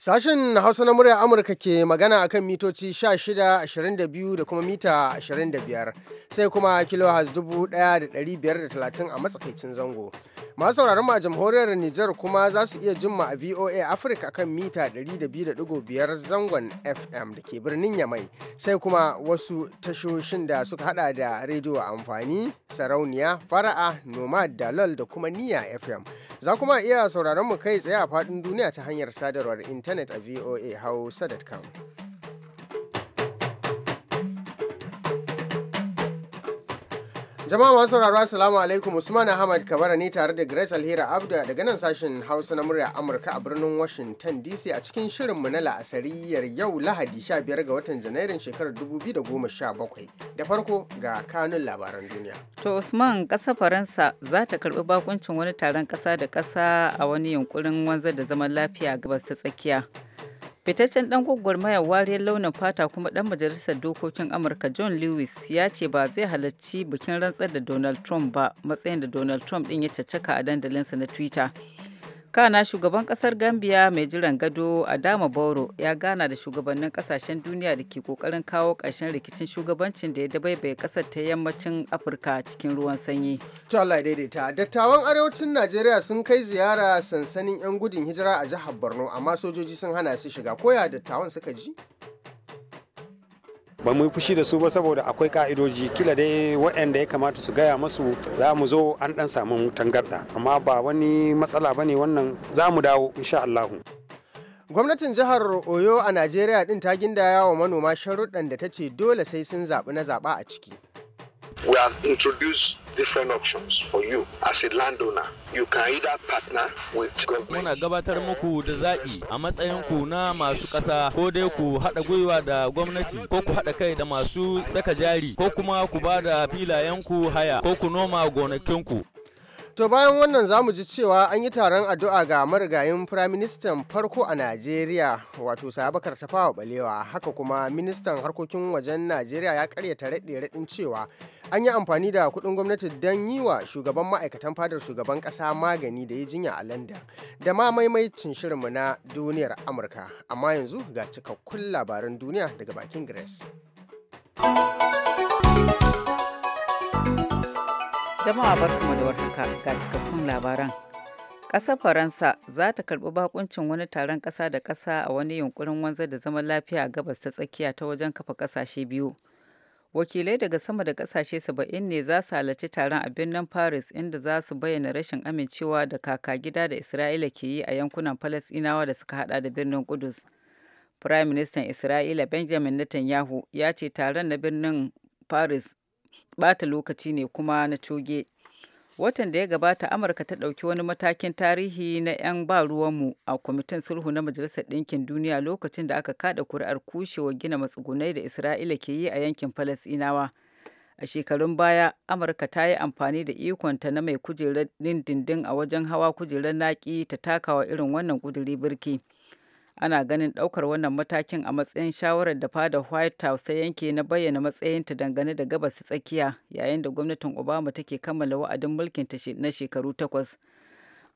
Sashen Hausa na murya Amurka ke magana a kan mitoci 1622 da kuma mita 25 sai kuma kilohaz 1530 a matsakaicin zango. masu sauraron ma jamhuriyar Nijar kuma za su iya jimma a VOA Africa kan mita 102.5 zangon FM da ke birnin Yamai sai kuma wasu tashoshin da suka hada da rediyo amfani sarauniya fara'a nomad dalal da kuma niya FM za kuma iya sauraron mu kai tsaye a faɗin duniya ta hanyar sadarwar intanet a voa hausa.com Jama'a masu sauraro Assalamu alaikum Usman Ahmad Kabara ne tare da Grace Alhira abdu daga nan sashen Hausa na murya Amurka a birnin Washington DC a cikin shirin mu na la'asariyar yau Lahadi 15 ga watan Janairun shekarar 2017. Da farko ga kanun labaran duniya. To Usman kasa Faransa za ta karbi bakuncin wani taron kasa da kasa a wani yunkurin wanzar da zaman lafiya gabas ta tsakiya. fitaccen dan gwagwarmayar wariyar launin fata kuma dan majalisar dokokin amurka john lewis ya ce ba zai halarci bikin rantsar da donald trump ba matsayin da donald trump din ya caccaka a dandalinsa na twitter kana shugaban kasar gambia mai jiran gado adama bauro ya gana da shugabannin kasashen duniya da ke kokarin kawo ƙarshen rikicin shugabancin da ya bai kasar ta yammacin afirka cikin ruwan sanyi Allah daidaita dattawan arewacin najeriya sun kai ziyara sansanin 'yan gudun hijira a jihar borno amma sojoji sun hana su shiga koya dattawan suka ji ba mu yi fushi da su ba saboda akwai ka'idoji kila dai waɗanda ya kamata su gaya masu za mu zo an ɗan samu garɗa, amma ba wani matsala ba ne wannan za mu dawo insha Allahu. Gwamnatin jihar Oyo a Najeriya ɗin ta gindaya wa manoma sharuɗan da ta ce dole sai sun zaɓi na zaɓa a ciki. We have introduced different options for you as a landowner. You can either partner with government. Muna gabatar muku da zaɓi a matsayin ku na masu ƙasa ko dai ku haɗa gwiwa da gwamnati ko ku haɗa kai da masu saka jari ko kuma ku ba da filayenku haya ko ku noma gonakinku To bayan wannan za mu ji cewa an yi taron addu'a ga marigayin firaministan farko a Najeriya wato Sabakar Tafawa Balewa haka kuma ministan harkokin wajen Najeriya ya karyata raɗe raɗin cewa an yi amfani da kuɗin gwamnati don yi wa shugaban ma'aikatan fadar shugaban ƙasa magani da ya jinya a London da ma maimaicin shirinmu na duniyar Amurka amma yanzu ga cikakkun labaran duniya daga bakin Grace. Jama'a barkamu da warhaka ga cikakkun labaran. Ƙasar Faransa za ta karɓi bakuncin wani taron ƙasa da ƙasa a wani yunkurin wanzar da zaman lafiya a gabas ta tsakiya ta wajen kafa ƙasashe biyu. Wakilai daga sama da ƙasashe saba'in ne za su halarci taron a birnin Paris inda za su bayyana rashin amincewa da kaka gida da Isra'ila ke yi a yankunan Falasɗinawa da suka hada da birnin Kudus. Firayim Ministan Isra'ila Benjamin Netanyahu ya ce taron na birnin Paris bata lokaci ne kuma na coge watan da ya gabata amurka ta ɗauki wani matakin tarihi na 'yan ba ruwanmu a kwamitin sulhu na majalisar ɗinkin duniya lokacin da aka kaɗa kuri'ar kushewa gina matsugunai da isra'ila ke yi a yankin falasinawa a shekarun baya amurka ta yi amfani da ikonta na mai kujerar dindindin a wajen hawa kujerar naƙi ta takawa irin wannan ƙuduri birki ana ganin daukar wannan matakin a matsayin shawarar da fada white house ta yanke na bayyana matsayinta dangane da gabas tsakiya yayin da gwamnatin obama take kammala wa'adin mulkin ta na shekaru takwas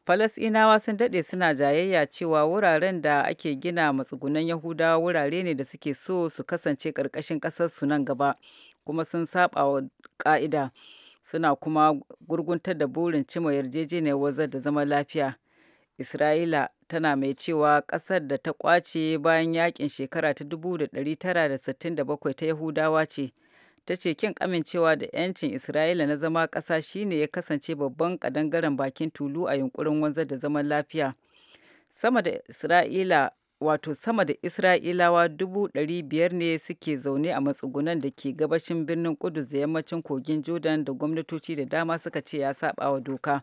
falasinawa sun dade suna jayayya cewa wuraren da ake gina matsugunan yahudawa wurare ne da suke so su kasance kasar su nan gaba kuma sun saba wa ka'ida suna kuma gurguntar da burin cima yarjejeniyar wazar da zama lafiya Isra'ila tana mai cewa ƙasar da ta ƙwace bayan yakin shekara ta 1967 ta Yahudawa ce, ta ce kin amincewa da 'yancin Isra'ila na zama ƙasa shine ya kasance babban ƙadangaren bakin tulu a yunkurin wanzar da zaman lafiya. Sama da Isra'ila wato sama da Isra'ilawa dubu ɗari biyar ne suke zaune a matsugunan da ke gabashin birnin Kudus da yammacin kogin Jordan da gwamnatoci da dama suka ce ya saba wa doka.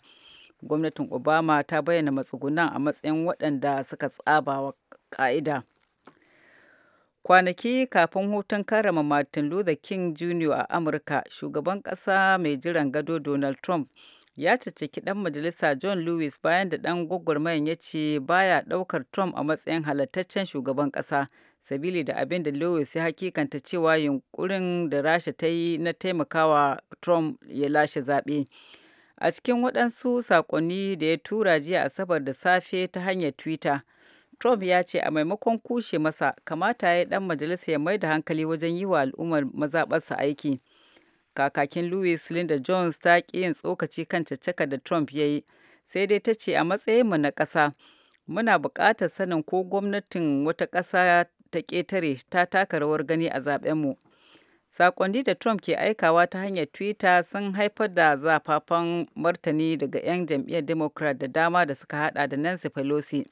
gwamnatin obama ta bayyana matsugunan a matsayin waɗanda suka tsaba wa ka'ida. kwanaki kafin hutun karama martin luther king jr a amurka shugaban ƙasa mai jiran gado donald trump ya ceceki ɗan majalisa john lewis bayan da ɗan gwagwarmayan ya ce baya ɗaukar trump a matsayin halattaccen shugaban ƙasa sabili da abin da lewis ya hakikanta cewa yunkurin da rasha ta yi na taimakawa trump ya lashe zaɓe. a cikin waɗansu saƙonni da ya tura jiya asabar da safe ta hanyar twitter trump ya ce a maimakon kushe masa kamata ya ɗan majalisa ya mai da hankali wajen yi wa al'ummar mazaɓarsa aiki kakakin louis linda jones ta ƙi yin tsokaci kan caccaka da trump ya yi sai dai ta ce a matsayin mu na ƙasa muna buƙatar sanin ko gwamnatin wata ƙasa ta ƙetare ta taka rawar gani a zaɓenmu sakonni da Trump ke aikawa ta hanyar Twitter sun haifar da zafafan martani daga 'yan jam'iyyar Democrat da dama da suka hada da Nancy Pelosi.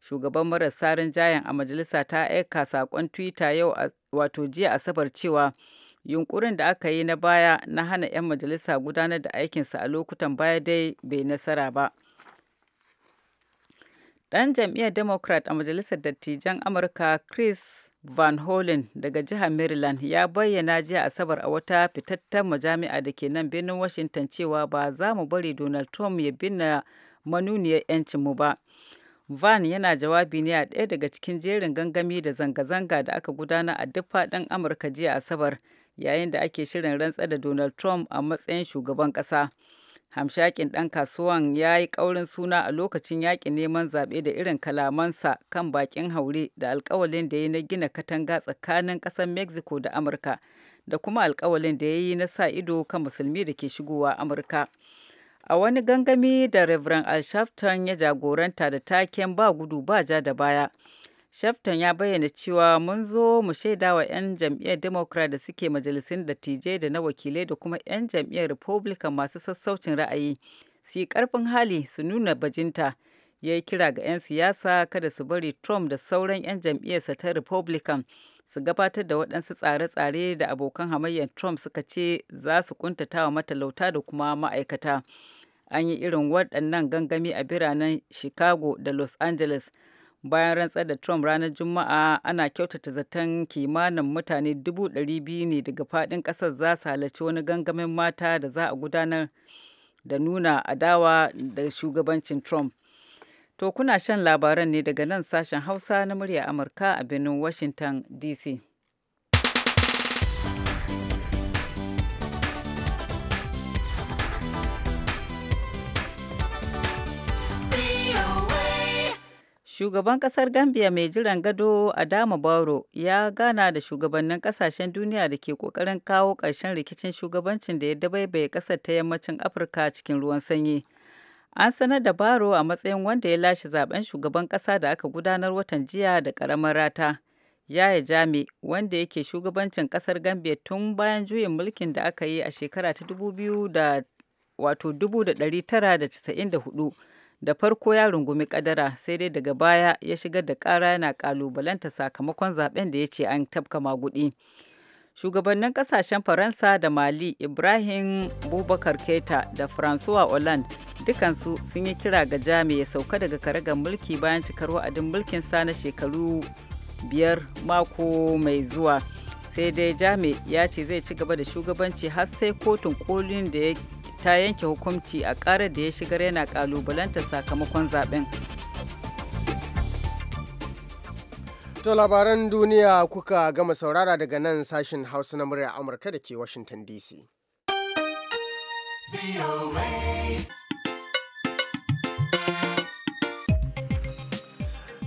Shugaban marasa rinjayen a majalisa ta aika sakon Twitter yau wato jiya Asabar cewa yunkurin da aka yi na baya na hana 'yan majalisa gudanar da aikinsa a lokutan baya dai bai nasara ba. Ɗan jam'iyyar Democrat a majalisar dattijan Amurka Chris Van Hollen daga jihar Maryland ya bayyana jiya Asabar a wata fitattar majami'a da ke nan birnin Washington cewa ba za mu bari Donald Trump ya binna manuniyar 'yancinmu ba. Van yana jawabi ne a ɗaya daga cikin jerin gangami da zanga-zanga da aka gudana a duk faɗin Amurka jiya Asabar yayin da ake shirin rantsar da Donald Trump a matsayin shugaban ƙasa. hamshakin ɗan kasuwan ya yi ƙaurin suna a lokacin yaƙin neman zaɓe da irin kalamansa kan baƙin haure da alkawalin da ya yi na gina katanga tsakanin ƙasar mexico da amurka da kuma alkawalin da ya yi na sa ido kan musulmi da ke shigowa amurka a wani gangami da reverend al ya jagoranta da taken ba gudu ba ja da baya Shafton ya bayyana cewa mun zo mu shaida wa 'yan jam'iyyar Democrat da suke majalisun dattijai da na wakilai da kuma 'yan jam'iyyar Republican masu sassaucin ra'ayi su yi karfin hali su nuna bajinta. Ya yi kira ga 'yan siyasa kada su bari Trump da sauran 'yan jam'iyyarsa ta Republican su gabatar da waɗansu tsare-tsare da abokan hamayyar Trump suka ce za su kuntata wa matalauta da kuma ma'aikata. An yi irin waɗannan gangami a biranen Chicago da Los Angeles. bayan rantsar da Trump ranar Juma'a ana kyautata zaton kimanin mutane dubu ɗari biyu ne daga faɗin ƙasar za su halarci wani gangamin mata da za a gudanar da nuna adawa da shugabancin Trump. To kuna shan labaran ne daga nan sashen Hausa na murya Amurka a birnin Washington DC. Shugaban kasar Gambia mai jiran gado Adama bauro ya gana da shugabannin kasashen duniya da ke kokarin kawo ƙarshen rikicin shugabancin da ya dabaibaye kasar ta yammacin Afirka cikin ruwan sanyi. An sanar da baro a matsayin wanda ya lashe zaben shugaban kasa da aka gudanar watan jiya da karamar rata. Yaya Jami wanda yake shugabancin kasar Gambia tun bayan juyin mulkin da aka yi a shekara ta 2000 da 1994 da farko ya rungumi kadara sai dai daga baya ya shigar da kara yana kalubalanta sakamakon zaben da ya ce an tafka magudi shugabannin kasashen faransa da mali ibrahim bubakar keta da francois hollande dukansu sun yi kira ga jami ya sauka daga karagar mulki bayan cikar wa'adin mulkin sa na shekaru biyar mako mai zuwa sai dai jami ya ce zai ci gaba da shugabanci har sai kotun kolin da ya ta yanke hukunci a ƙarar da ya shigar yana ƙalubalantar sakamakon zaben. To labaran duniya kuka gama saurara daga nan sashen Hausa na murya Amurka da ke Washington DC.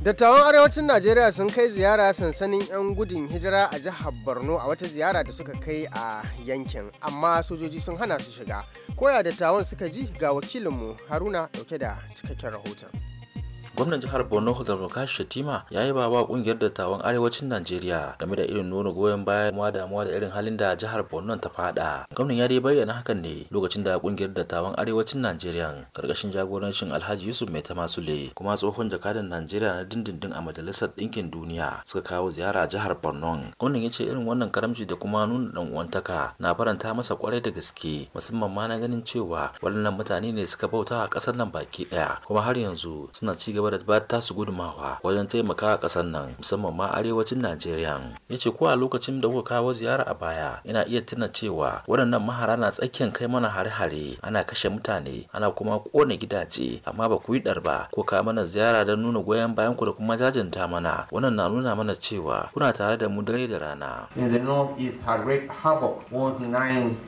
Dattawan Arewacin Najeriya sun kai ziyara sansanin 'yan gudun hijira a jihar Borno a wata ziyara da suka kai a yankin, amma sojoji sun hana su shiga. Koya dattawan suka ji ga wakilinmu Haruna dauke da cikakken rahoton. gwamnan jihar borno da rukash shatima ya yi baba kungiyar dattawan arewacin najeriya game da irin nuna goyon baya kuma damuwa da irin halin da jihar borno ta fada gwamnan ya dai bayyana hakan ne lokacin da kungiyar dattawan arewacin najeriya karkashin jagorancin alhaji yusuf mai Masule, kuma tsohon jakadan najeriya na dindindin a majalisar ɗinkin duniya suka kawo ziyara jihar borno gwamnan ya ce irin wannan karamci da kuma nuna dan uwantaka na faranta masa kwarai da gaske musamman ma na ganin cewa waɗannan mutane ne suka bauta a ƙasar nan baki ɗaya kuma har yanzu suna ci gaba ba ta su gudumawa wajen taimaka a ƙasar nan musamman ma arewacin Najeriya. Ya ce ko a lokacin da kuka kawo ziyara a baya ina iya tuna cewa waɗannan mahara na tsakiyar kai mana hare-hare ana kashe mutane ana kuma ƙone gidaje amma ba ku yi ɗar ba ko ka mana ziyara don nuna goyon bayan ku da kuma jajinta mana wannan na nuna mana cewa kuna tare da mu dare da rana. In the north is havoc worth 9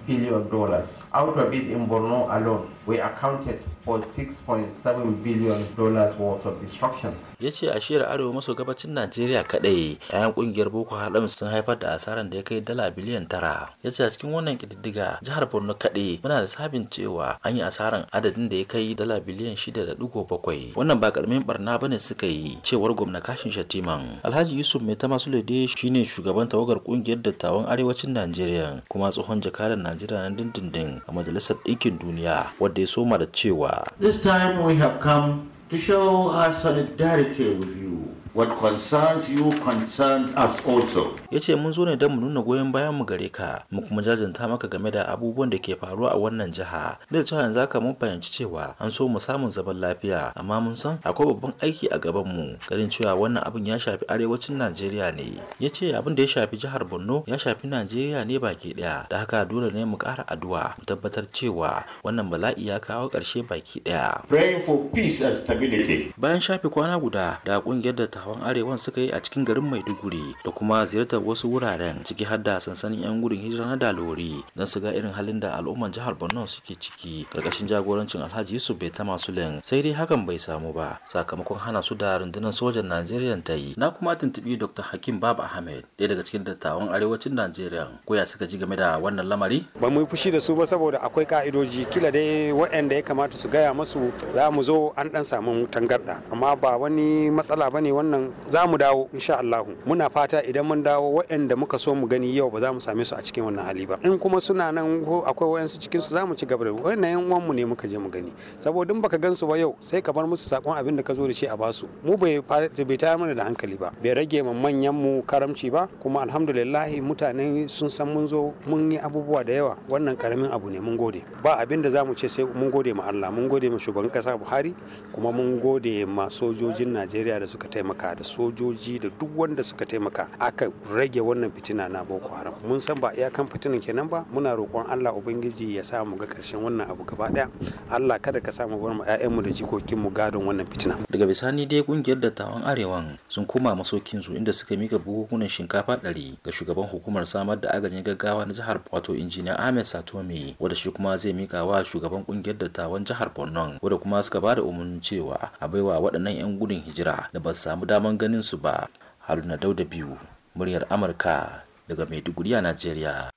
billion dollars out of it in Borno alone. we accounted for $6.7 billion worth of destruction ya ce a shiyar arewa maso gabacin najeriya kadai 'ya'yan kungiyar boko haram sun haifar da asarar da ya kai dala biliyan tara ya ce a cikin wannan kididdiga jihar borno kadai muna da sabin cewa an yi asarar adadin da ya kai dala biliyan shida da dugo bakwai wannan ba ƙaramin barna bane suka yi cewar gwamna kashin shatiman alhaji yusuf mai tama sulede shine shugaban tawagar kungiyar dattawan arewacin najeriya kuma tsohon jakadan najeriya na dindindin a majalisar ɗinkin duniya wadda ya soma da cewa this time we have come to show our solidarity with you. What concerns you concerns us also. Ya ce mun zo ne don mu nuna goyon bayan mu gare ka, mu kuma jajanta maka game da abubuwan da ke faruwa a wannan jiha. Da cewa yanzu kama mun fahimci cewa an so mu samun zaman lafiya, amma mun san akwai babban aiki a gaban mu. Garin cewa wannan abin ya shafi arewacin Najeriya ne. Ya ce abin da ya shafi jihar Borno ya shafi Najeriya ne baki daya. Da haka dole ne mu ƙara addu'a mu tabbatar cewa wannan bala'i ya kawo ƙarshe baki daya. Praying for peace and stability. Bayan shafi kwana guda da kungiyar da ta hawan Arewan suka yi a cikin garin Maiduguri da kuma ziyartar wasu wuraren ciki har da sansanin 'yan gudun hijira na Dalori don su ga irin halin da al'umman jihar Borno suke ciki karkashin jagorancin Alhaji Yusuf Betama masulin sai dai hakan bai samu ba sakamakon hana su da rundunar sojan Najeriya ta yi. Na kuma tuntubi Dr. Hakim Baba Ahmed ɗaya daga cikin dattawan arewacin Najeriya koya suka ji game da wannan lamari. Ba mu yi fushi da su ba saboda akwai ka'idoji kila dai waɗanda ya kamata su gaya masu za mu zo an ɗan samu tangarɗa amma ba wani matsala ba ne wannan wannan za mu dawo insha Allah muna fata idan mun dawo waɗanda muka so mu gani yau ba za mu same su a cikin wannan hali ba in kuma suna nan akwai wayansu cikin su za mu ci gaba da wannan yan uwan mu ne muka je mu gani saboda in baka gan su ba yau sai ka bar musu sakon abin da ka zo da shi a basu mu bai bai tayar mana da hankali ba bai rage mu manyan mu karamci ba kuma alhamdulillah mutane sun san mun zo mun yi abubuwa da yawa wannan karamin abu ne mun gode ba abin da za mu ce sai mun gode ma Allah mun gode ma shugaban kasa Buhari kuma mun gode ma sojojin Najeriya da suka taimaka taimaka da sojoji da duk wanda suka taimaka aka rage wannan fitina na boko haram mun san ba iyakan fitinan kenan ba muna roƙon allah ubangiji ya sa mu ga ƙarshen wannan abu gaba ɗaya allah kada ka sa mu bar mu ƴaƴanmu da jikokinmu gadon wannan fitina daga bisani dai kungiyar dattawan arewan sun koma masokin su inda suka mika buhuhunan shinkafa ɗari ga shugaban hukumar samar da agajin gaggawa na jihar wato injiniya ahmed satome wanda shi kuma zai mika wa shugaban ƙungiyar dattawan jihar borno wanda kuma suka ba da umarnin cewa a baiwa waɗannan 'yan gudun hijira da ba su samu daman ganin su ba haruna dauda biyu muryar amurka daga maiduguri a najeriya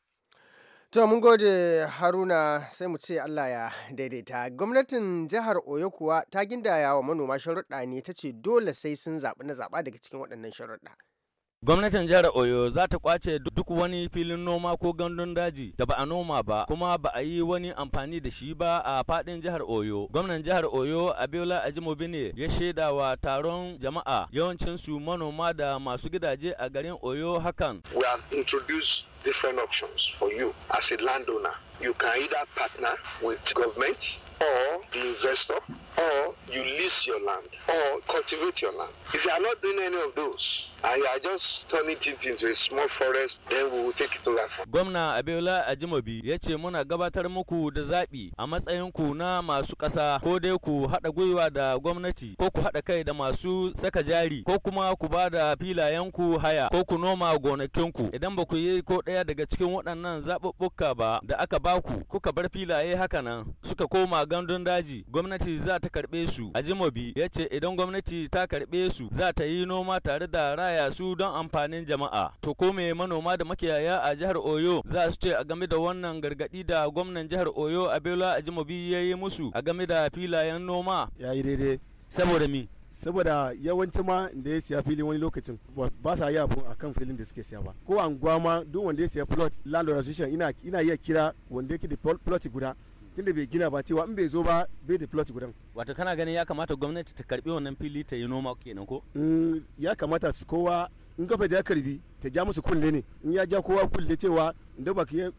To mun gode Haruna sai mu ce Allah ya daidaita. Gwamnatin jihar Oyo kuwa ta gindaya wa manoma sharuɗa ne ta ce dole sai sun zaɓi na zaɓa daga cikin waɗannan sharuɗa. Gwamnatin jihar Oyo za ta kwace duk wani filin noma ko gandun daji da ba a noma ba kuma ba a yi wani amfani da shi ba a fadin jihar Oyo. Gwamnan jihar Oyo Abiola Ajimobi ne ya shaida wa taron jama'a yawancin su manoma da masu gidaje a garin Oyo hakan. We have introduced different options for you as a landowner. You can either partner with government or the investor or you lease your land or cultivate your land. If you are not doing any of those and you are just turning it into a small forest, then we will take it farm. Gwamna Abiola Ajimobi ya ce muna gabatar muku da zaɓi a matsayin na masu ƙasa ko dai ku haɗa gwiwa da gwamnati ko ku haɗa kai da masu saka jari ko kuma ku ba da filayenku haya ko ku noma gonakinku idan ba ku yi ko ɗaya daga cikin waɗannan zaɓuɓɓuka ba da aka baku kuka bar filaye haka nan suka koma gandun daji gwamnati za ta ta karɓe su ajimobi ya ce idan gwamnati ta karɓe su za ta yi noma tare da raya su don amfanin jama'a to ko me manoma da makiyaya a jihar oyo za su ce a game da wannan gargaɗi da gwamnan jihar oyo abela ajimobi ya yi musu a game da filayen noma ya yi daidai saboda mi saboda yawanci ma da ya siya fili wani lokacin ba sa yi abu akan filin da suke siya ba ko anguwa ma duk wanda ya siya plot landlord association ina iya kira wanda yake da plot guda tunda bai gina ba cewa in bai zo ba bai da plot gudan wato kana ganin ya kamata gwamnati ta karbi wannan fili ta yi noma kenan ko mm, ya kamata su kowa in kafa ya karbi ta ja musu kulle ne in ya ja kowa kulle cewa inda ba ku yi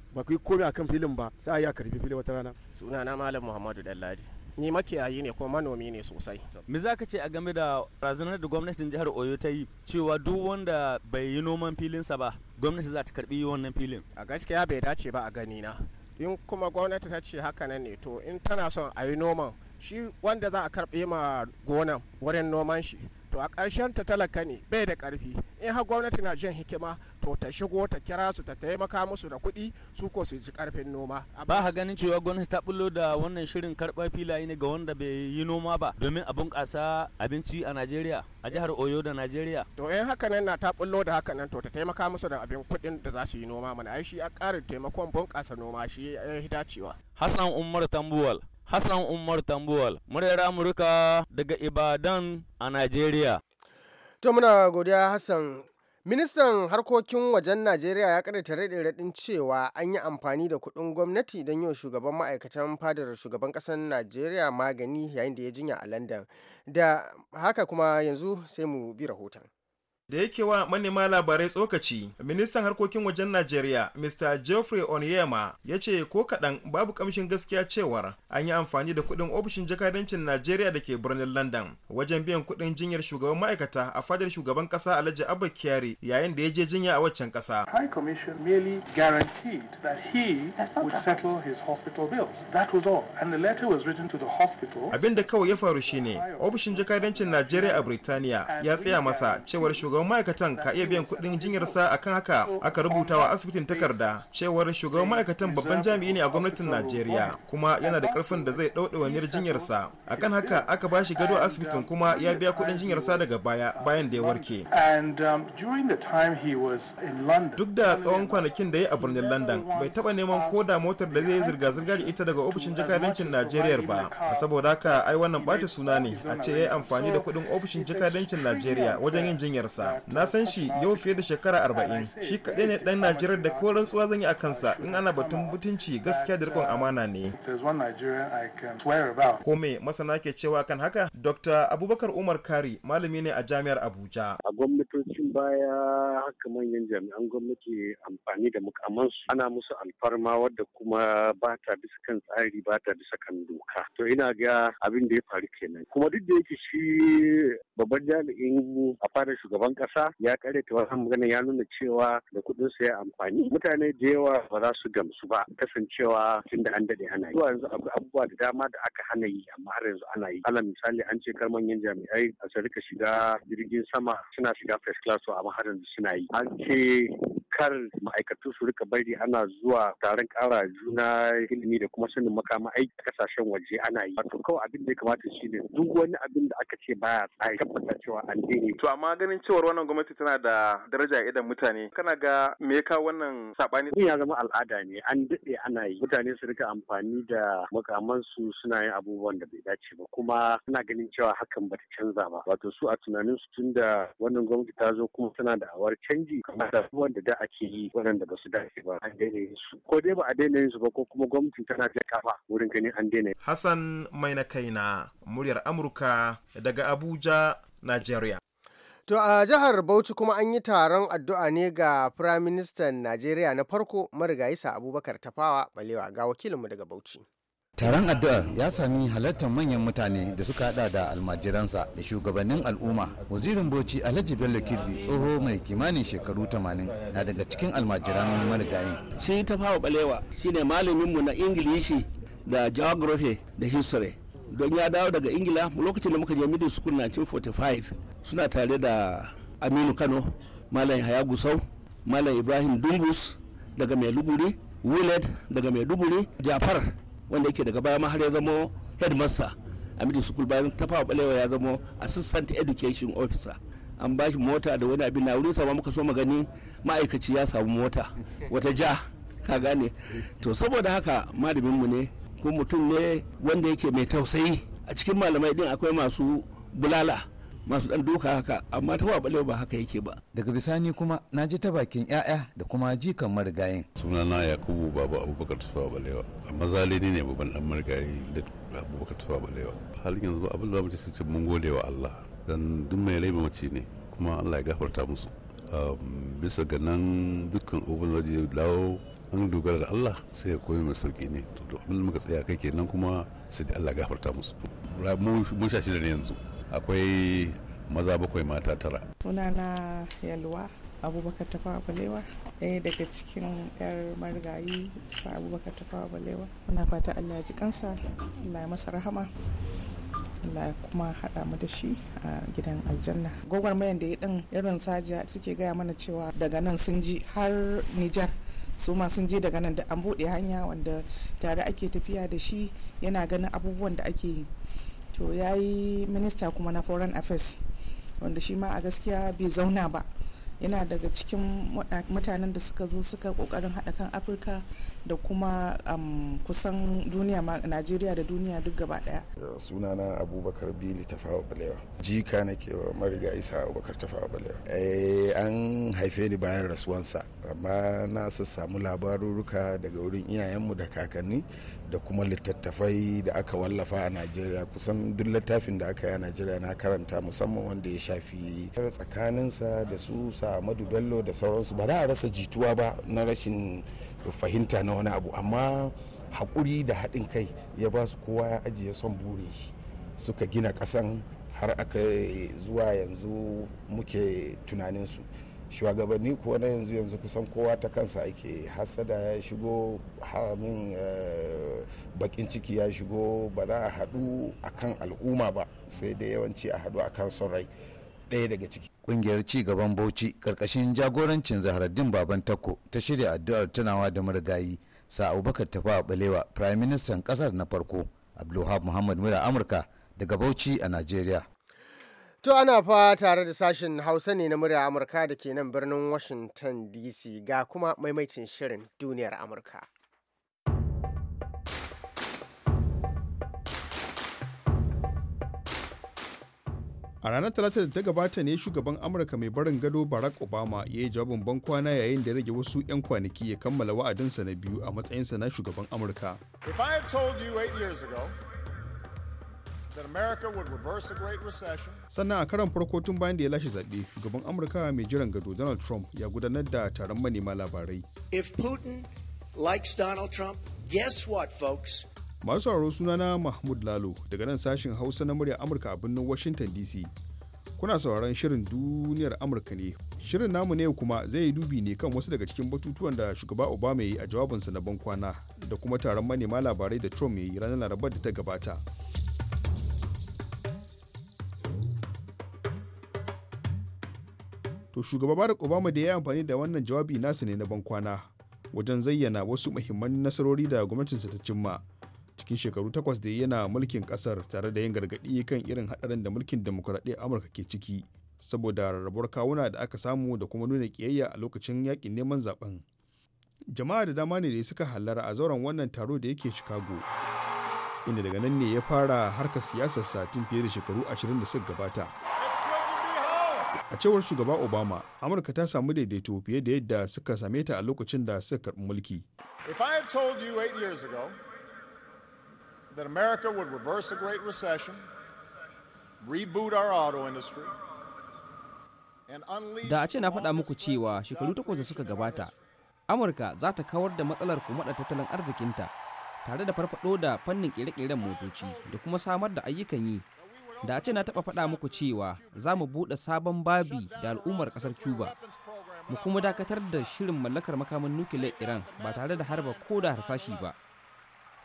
a kan filin ba sai ya karbi fili wata rana suna na malam muhammadu dalladi ni makiyayi ne kuma manomi ne sosai. Me za ka ce a game da razanar da gwamnatin jihar Oyo ta yi cewa duk wanda bai yi noman filinsa ba gwamnati za ta karbi wannan filin? A gaskiya bai dace ba a gani na. in kuma gwamnati ta ce haka nan ne to in tana son a yi noman shi wanda za a karɓe ma gonan wurin noman shi to a ƙarshen ta talaka ne bai da ƙarfi in har gwamnati na jin hikima to ta shigo ta kira su ta taimaka musu da kuɗi su ko su ji ƙarfin noma ba ha ganin cewa gwamnati ta bullo da wannan shirin karɓar filaye ne ga wanda bai yi noma ba domin a bunƙasa abinci a Najeriya a jihar Oyo da Najeriya to in haka nan na ta bullo da haka nan to ta taimaka musu da abin kuɗin da za su yi noma mana ai shi a ƙarin taimakon bunƙasa noma shi ya dacewa Hassan Umar Tambuwal Hassan Umar Tambuwal, muryar Amurka daga Ibadan a Najeriya. To muna godiya Hassan Ministan harkokin wajen Najeriya ya karanta raɗin cewa an yi amfani da kuɗin gwamnati don yau shugaban ma'aikatan fadar shugaban ƙasar Najeriya magani yayin da ya jinya a London. Da haka kuma yanzu sai mu bi rahoton. da yake wa manema labarai tsokaci ministan harkokin wajen najeriya mr geoffrey onyema ya ce ko kaɗan babu kamshin gaskiya cewar an yi amfani da kuɗin ofishin jakadancin najeriya da ke birnin london wajen biyan kuɗin jinyar shugaban ma'aikata a fadar shugaban ƙasa alhaji abba kyari yayin da ya je jinya a waccan ƙasa abinda abin da kawai ya faru ne ofishin jakadancin najeriya a Birtaniya ya tsaya masa cewar shugaban shugaban ma'aikatan ka iya biyan kuɗin jinyarsa akan haka aka rubuta wa asibitin takarda cewar shugaban ma'aikatan babban jami'i ne a gwamnatin najeriya kuma yana da karfin da zai ɗauɗa waniyar jinyarsa akan haka aka ba shi gado a asibitin kuma ya biya kuɗin jinyarsa daga baya bayan da ya warke um, duk da tsawon kwanakin da ya a birnin london bai taɓa neman ko da motar da zai yi zirga-zirga da ita daga ofishin jakadancin najeriya ba saboda haka ai wannan bata suna ne a ce ya yi amfani da kuɗin ofishin jakadancin najeriya wajen yin jinyarsa kansa na san shi yau fiye da shekara arba'in shi kaɗai ne ɗan najeriya da ko rantsuwa zan yi a kansa in ana batun mutunci gaskiya da rikon amana ne ko me masana ke cewa kan haka dr abubakar umar kari malami ne a jami'ar abuja a gwamnatocin baya haka manyan jami'an gwamnati amfani da mukamansu ana musu alfarma wadda kuma ba ta bisa kan tsari ba ta bisa kan doka to ina ga abin da ya faru kenan kuma duk da yake shi babban jami'in a fadar shugaban kasa ya ta wasan magana ya nuna cewa da kuɗin su ya amfani mutane da yawa ba za su gamsu ba kasancewa tun da an dade ana yi zuwa yanzu akwai abubuwa da dama da aka hana yi amma har yanzu ana yi alal misali an ce kar manyan jami'ai a su rika shiga jirgin sama suna shiga first class amma har yanzu suna yi an ce kar ma'aikatu su rika bari ana zuwa taron kara juna ilimi da kuma sanin makama aiki a kasashen waje ana yi wato kawai abin da ya kamata shine duk wani abin da aka ce baya tsaye tabbata cewa an daina to amma ganin cewar wannan gwamnati tana da daraja idan mutane kana ga me ya kawo wannan sabani ya zama al'ada ne an daɗe ana yi mutane su rika amfani da makamansu suna yin abubuwan da bai dace ba kuma suna ganin cewa hakan ba ta canza ba wato su a tunanin su tun da wannan gwamnati ta zo kuma tana da awar canji kamar da abubuwan da da ake yi waɗanda ba su dace ba an daina yin su ko dai ba a daina yin su ba ko kuma gwamnati tana jaka ba wurin ganin an daina Hassan mai na kaina muryar Amurka daga Abuja Nigeria To a jihar Bauchi kuma an yi taron addu'a ne ga Firaministan Najeriya na farko marigayisa Abubakar Tafawa Balewa ga wakilinmu daga Bauchi. taron addu'ar ya sami halartar manyan mutane da suka hada da almajiransa da shugabannin al'umma wazirin bauchi alhaji bello kirbi tsoho mai kimanin shekaru 80 na daga cikin almajiran marigayi shi tafawa balewa shine malaminmu na ingilishi da geography da history don ya dawo daga ingila lokacin da muka je middle school 1945 suna tare da aminu kano malam haya gusau malam ibrahim dungus daga maiduguri willard daga maiduguri jafar wanda yake daga baya har ya zamo headmaster a middle school bayan tafawa balewa ya zama assistant education officer an ba shi mota da wani abin na wurin sama muka so magani ma'aikaci ya samu mota wata ja ka gane to saboda haka malaminmu ne ko mutum ne wanda yake mai tausayi a cikin malamai din akwai masu bulala masu dan doka haka amma ta ba ba haka yake ba daga bisani kuma na ji ta bakin yaya da kuma jikan marigayin sunana yakubu babu abubakar tufa balewa A zalini ne babban dan marigayi da abubakar tufa balewa halin yanzu abin da mu ce mun gode wa Allah dan duk mai laifin mace ne kuma Allah ya gafarta musu bisa ga nan dukkan abubuwan da dawo an dogara da Allah sai ya koyi mai sauki ne to abin da muka tsaya kai kenan kuma sai da Allah gafarta musu mu sha shida ne yanzu akwai maza bakwai mata tara na yalwa abubakar tafa balewa ɗaya daga cikin yar marigayi sa abubakar tafa balewa muna fata Allah ya ji kansa Allah ya masa rahama Allah ya kuma haɗa mu da shi a gidan aljanna gwagwarmayan da ya ɗin irin sajiya suke gaya mana cewa daga nan sun ji har nijar su ma sun je daga nan da an buɗe hanya wanda tare ake tafiya da shi yana ganin abubuwan da ake yi to ya yi minista kuma na foreign affairs wanda shi ma a gaskiya bai zauna ba yana daga cikin mutanen da suka zo suka kokarin haɗa kan afirka da kuma kusan duniya najeriya da duniya duk gaba ɗaya sunana abubakar bili tafawa balewa jika na kewa mariga isa abubakar tafawa balewa eh, an haife ni bayan rasuwansa amma na samu labaruruka daga wurin iyayenmu da kakanni da kuma littattafai da aka wallafa a najeriya kusan duk littafin da aka yi a najeriya na karanta musamman wanda ya shafi tsakaninsa da su Samadu bello da sauransu ba za a rasa jituwa ba na rashin fahimta na wani abu amma haƙuri da haɗin kai ya ba su kowa ya ajiye son buri suka gina ƙasan har aka zuwa yanzu muke tunaninsu shugabanni kuwa na yanzu yanzu kusan kowa ta kansa ake hasada ya shigo haramin eh, bakin ciki ya shigo ba za a haɗu a kan al'umma ba sai dai yawanci a haɗu a kan son rai ɗaya daga ciki ƙungiyar ci gaban bauchi ƙarƙashin jagorancin zaharaddin baban tako ta shirya addu'ar tunawa da marigayi sa abubakar tafa a balewa prime ministan ƙasar na farko abdulhab muhammad mura amurka daga bauchi a najeriya To ana fa tare da sashen Hausa ne na murya Amurka da ke nan birnin Washington DC ga kuma maimaitin shirin duniyar Amurka. A ranar Talata da ta gabata ne shugaban Amurka mai barin gado Barack Obama ya yi jawabin kwana yayin da rage wasu 'yan kwanaki ya kammala wa'adinsa na biyu a matsayinsa na shugaban Amurka. If Sannan a karon farko tun bayan da ya lashe zaɓe, shugaban Amurka mai jiran gado Donald Trump ya gudanar da taron manema labarai. If Putin likes Donald Trump, guess what folks? Masu sauraro sunana Mahmud Lalo daga nan sashen Hausa na murya Amurka a birnin Washington DC. Kuna sauraron shirin duniyar Amurka ne. Shirin namu ne kuma zai yi dubi ne kan wasu daga cikin batutuwan da shugaba Obama ya yi a jawabinsa na bankwana da kuma taron manema labarai da Trump ya yi ranar Larabar da ta gabata. to shugaba barack obama da ya yi amfani da wannan jawabi nasa ne na bankwana wajen zayyana wasu muhimman nasarori da gwamnatinsa ta cimma cikin shekaru takwas da yana mulkin kasar tare da yin gargaɗi kan irin haɗarin da mulkin demokuraɗiyyar amurka ke ciki saboda rarrabuwar kawuna da aka samu da kuma nuna ƙiyayya a lokacin yakin neman zaɓen. jama'a da dama ne da suka hallara a zauren wannan taro da yake chicago inda daga nan ne ya fara harkar siyasar satin fiye da shekaru ashirin da suka gabata a cewar shugaba obama amurka ta samu daidaito fiye da yadda suka same ta a lokacin da suka karɓi mulki that America would reverse Great Recession, Da a ce na faɗa muku cewa shekaru takwas da suka gabata, Amurka za ta kawar da matsalar kumaɗa tattalin arzikinta tare da farfaɗo da fannin ƙere-ƙeren motoci da kuma samar da ayyukan yi da a ce na taɓa faɗa muku cewa za mu buɗe sabon babi da al'ummar ƙasar cuba mu kuma dakatar da shirin mallakar makamin nukiliyar iran ba tare da harba ko da harsashi ba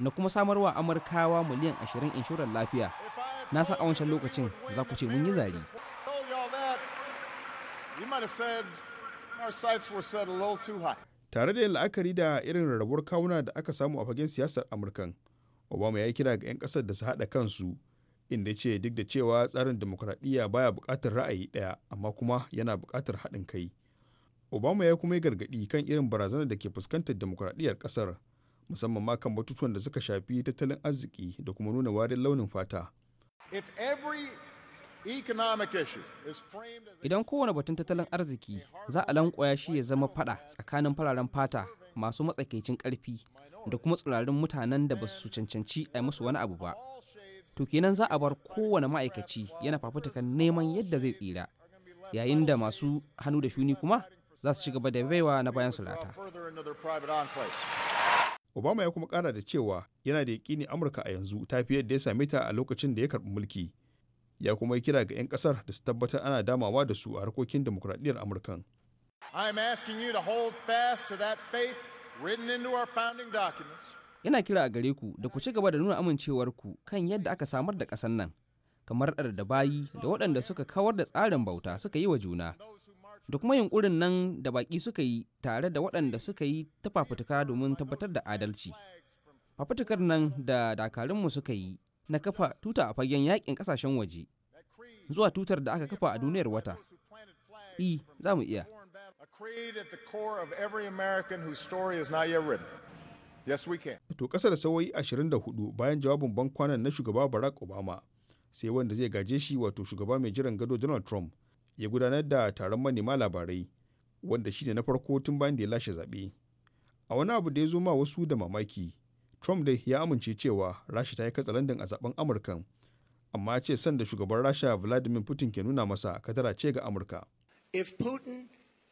na kuma samarwa amurkawa miliyan ashirin inshorar lafiya na san a wancan lokacin za ku ce mun yi zari tare da yin la'akari da irin rarrabuwar kawuna da aka samu a fagen siyasar amurkan obama ya yi kira ga 'yan kasar da su haɗa kansu inda ya ce duk da cewa tsarin demokuraɗiyya baya buƙatar ra'ayi ɗaya amma kuma yana buƙatar haɗin kai obama ya kuma yi gargaɗi kan irin barazanar da ke fuskantar demokuraɗiyyar ƙasar musamman ma kan batutuwan da suka shafi tattalin arziki da kuma nuna warin launin fata Idan kowane batun tattalin arziki za a lankwaya shi ya zama fada tsakanin fararen fata masu matsakaicin karfi da kuma tsirarin mutanen da ba su cancanci a musu wani abu ba, to kenan za a bar kowane ma'aikaci yana fafutukan neman yadda zai tsira yayin da masu hannu da shuni kuma za su ci gaba da baiwa na bayan sulata. obama ya kuma kara da cewa yana da yakini amurka a yanzu ta fi yadda ya same ta a lokacin da ya karbi mulki ya kuma yi kira ga 'yan kasar da su tabbatar ana damawa da su a harkokin demokuraɗiyar amurkan I am asking you to hold fast to that faith written into our founding documents. yana kira a gare ku da ku ci gaba da nuna amincewarku kan yadda aka samar da ƙasar nan kamar ɗar da bayi da waɗanda suka kawar da tsarin bauta suka yi wa juna da kuma yunkurin nan da baƙi suka yi tare da waɗanda suka yi ta fafutuka domin tabbatar da adalci fafutukar nan da dakarunmu suka yi na kafa tuta a fagen yaƙin ƙasashen waje zuwa tutar da aka kafa a duniyar wata i e, za mu iya A the core of every American whose story Yes, we can. To ƙasa da sauyi 24 bayan jawabin bankwanan na shugaba Barack Obama sai wanda zai gaje shi wato shugaba mai jiran gado Donald Trump ya gudanar da taron manema labarai wanda shi ne na farko tun bayan da ya lashe zaɓe. A wani abu da ya zo ma wasu da mamaki, Trump dai ya amince cewa Rasha ta yi katsa katsalandan a zaben Amurkan, amma ce san da shugaban Rasha Vladimir Putin ke nuna masa katara ce ga Amurka. If Putin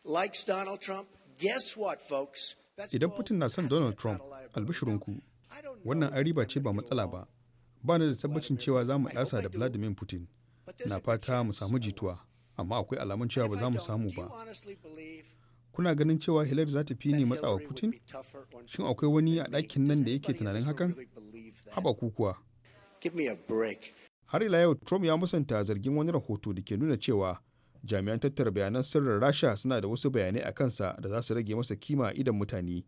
likes Donald Trump, guess what folks? idan putin na son donald trump albishirinku wannan an riba ce ba matsala ba ba da tabbacin cewa za mu ɗasa da vladimir putin na fata mu samu jituwa amma akwai alamun cewa ba za mu samu ba kuna ganin cewa hillary za ta fi ni matsawa putin shin akwai wani a ɗakin nan da yake tunanin hakan haba kukuwa har ila yau trump ya musanta zargin wani rahoto da ke nuna cewa jami'an tattara bayanan sirrin rasha suna da wasu bayanai a kansa da za su rage masa kima idan mutane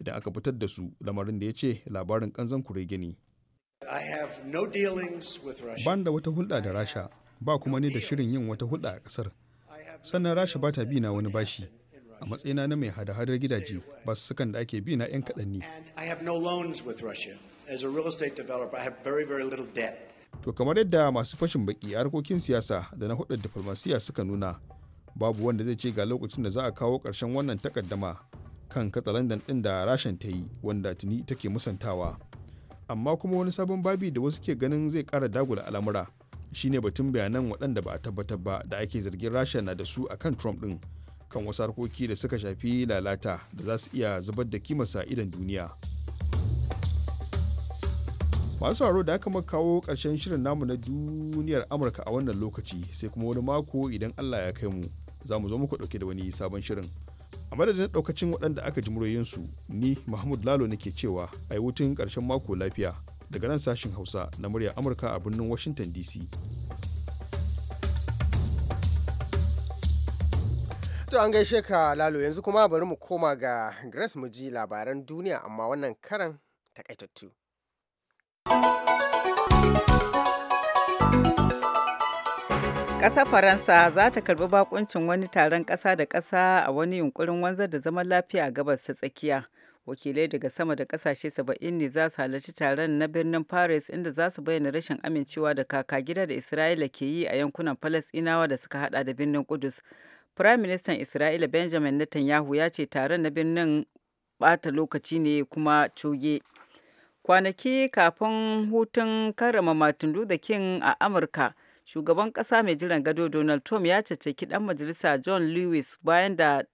idan aka fitar da su lamarin da ya ce labarin kanzan kurege ne ban da wata hulɗa da rasha ba kuma ne da shirin yin wata hulɗa a ƙasar sannan rasha ba ta bi na wani bashi a matsayina na mai hada-hadar gidaje ba su sukan da ake bi na 'yan kaɗanni. to kamar yadda masu fashin baki a harkokin siyasa da na hudar diflomasiya suka nuna babu wanda zai ce ga lokacin da za a kawo ƙarshen wannan takaddama kan katsalandan ɗin da rashin ta yi wanda tuni take musantawa amma kuma wani sabon babi da wasu ke ganin zai ƙara dagula al'amura shine batun bayanan waɗanda ba a tabbatar ba da ake zargin rasha na da su a kan trump ɗin kan wasu harkoki da suka shafi lalata da za su iya zubar da kimarsa idan duniya. masu haro da aka kawo ƙarshen shirin namu na duniyar amurka a wannan lokaci sai kuma wani mako idan allah ya kai mu za mu zo muku ɗauke da wani sabon shirin a madadin ɗaukacin waɗanda aka ji su ni mahmud lalo nake cewa a yi karshen mako lafiya daga nan sashin hausa na murya amurka a birnin washington dc To an gaishe ka lalo yanzu kuma bari mu koma ga Grace mu ji labaran duniya amma wannan karan takaitattu. Ƙasa Faransa za ta karbi bakuncin wani taron ƙasa da ƙasa a wani yunkurin wanzar da zaman lafiya a gabas ta tsakiya. Wakilai daga sama da ƙasashe saba'in ne za su halarci taron na birnin Paris inda za su bayyana rashin amincewa da kaka gida da Isra'ila ke yi a yankunan Falasɗinawa da suka haɗa da birnin Kudus. prime minister Isra'ila Benjamin Netanyahu ya ce taron na birnin bata lokaci ne kuma coge. kwanaki kafin hutun karrama martin luther king a amurka shugaban kasa mai jiran gado donald trump ya ceceki dan majalisa john lewis bayan da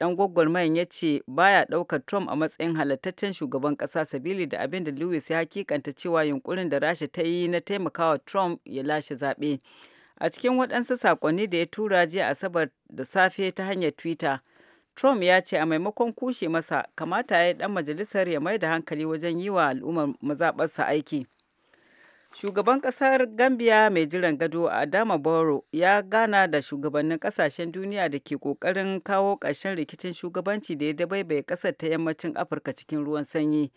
dan gwagwarmayan ya ce baya daukar trump a matsayin halattaccen shugaban ƙasa" sabili da abin da lewis ya hakikanta cewa yunkurin da rasha ta yi na taimakawa trump ya lashe zaɓe a cikin waɗansu saƙonni da ya tura jiya asabar da safe ta hanyar twitter Trump ya ce a maimakon kushe masa kamata ya yi ɗan majalisar ya mai da hankali wajen yi wa al'ummar mazaɓarsa aiki. Shugaban ƙasar Gambia mai jiran gado Adama Boro ya gana da shugabannin ƙasashen duniya da ke ƙoƙarin kawo ƙarshen rikicin shugabanci da ya dabaibaye ƙasar ta yammacin Afirka cikin ruwan sanyi.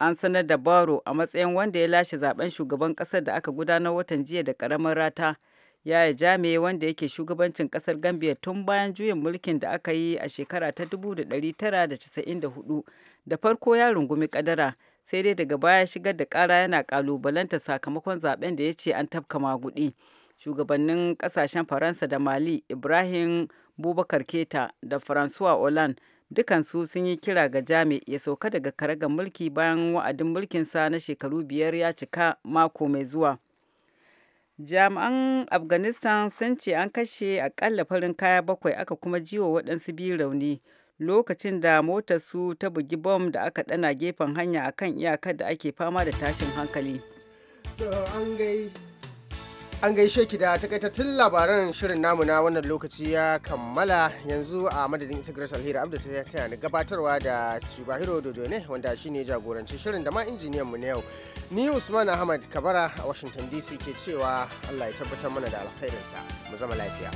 An sanar da Boro a matsayin wanda ya lashe zaben shugaban ƙasar da aka gudanar watan jiya da ƙaramin rata. yaya jami wanda yake shugabancin kasar gambia tun bayan juyin mulkin da aka yi a shekara ta 1994 da farko ya rungumi kadara sai dai daga baya shigar da kara yana kalubalanta sakamakon zaben da ya ce an tafka magudi shugabannin kasashen faransa da mali ibrahim bubakar keta da francois hollande dukansu sun yi kira ga jami ya sauka daga karagar mulki bayan wa'adin mulkinsa na shekaru biyar ya cika mako mai zuwa jami'an afghanistan sun ce an kashe akalla farin kaya bakwai aka kuma jiwa waɗansu biyu rauni lokacin da motar su ta bugi bom da aka ɗana gefen hanya akan iyakar da ake fama da tashin hankali. an gaishe ki da takaitattun labaran shirin namu na wannan lokaci ya kammala yanzu a madadin ita grace alheri abda ta yana ni gabatarwa da chibahiro dodone wanda shine jagoranci shirin da ma injiniyan mu na yau ni usman ahmad kabara a washington dc ke cewa allah ya tabbatar mana da alkhairinsa mu zama lafiya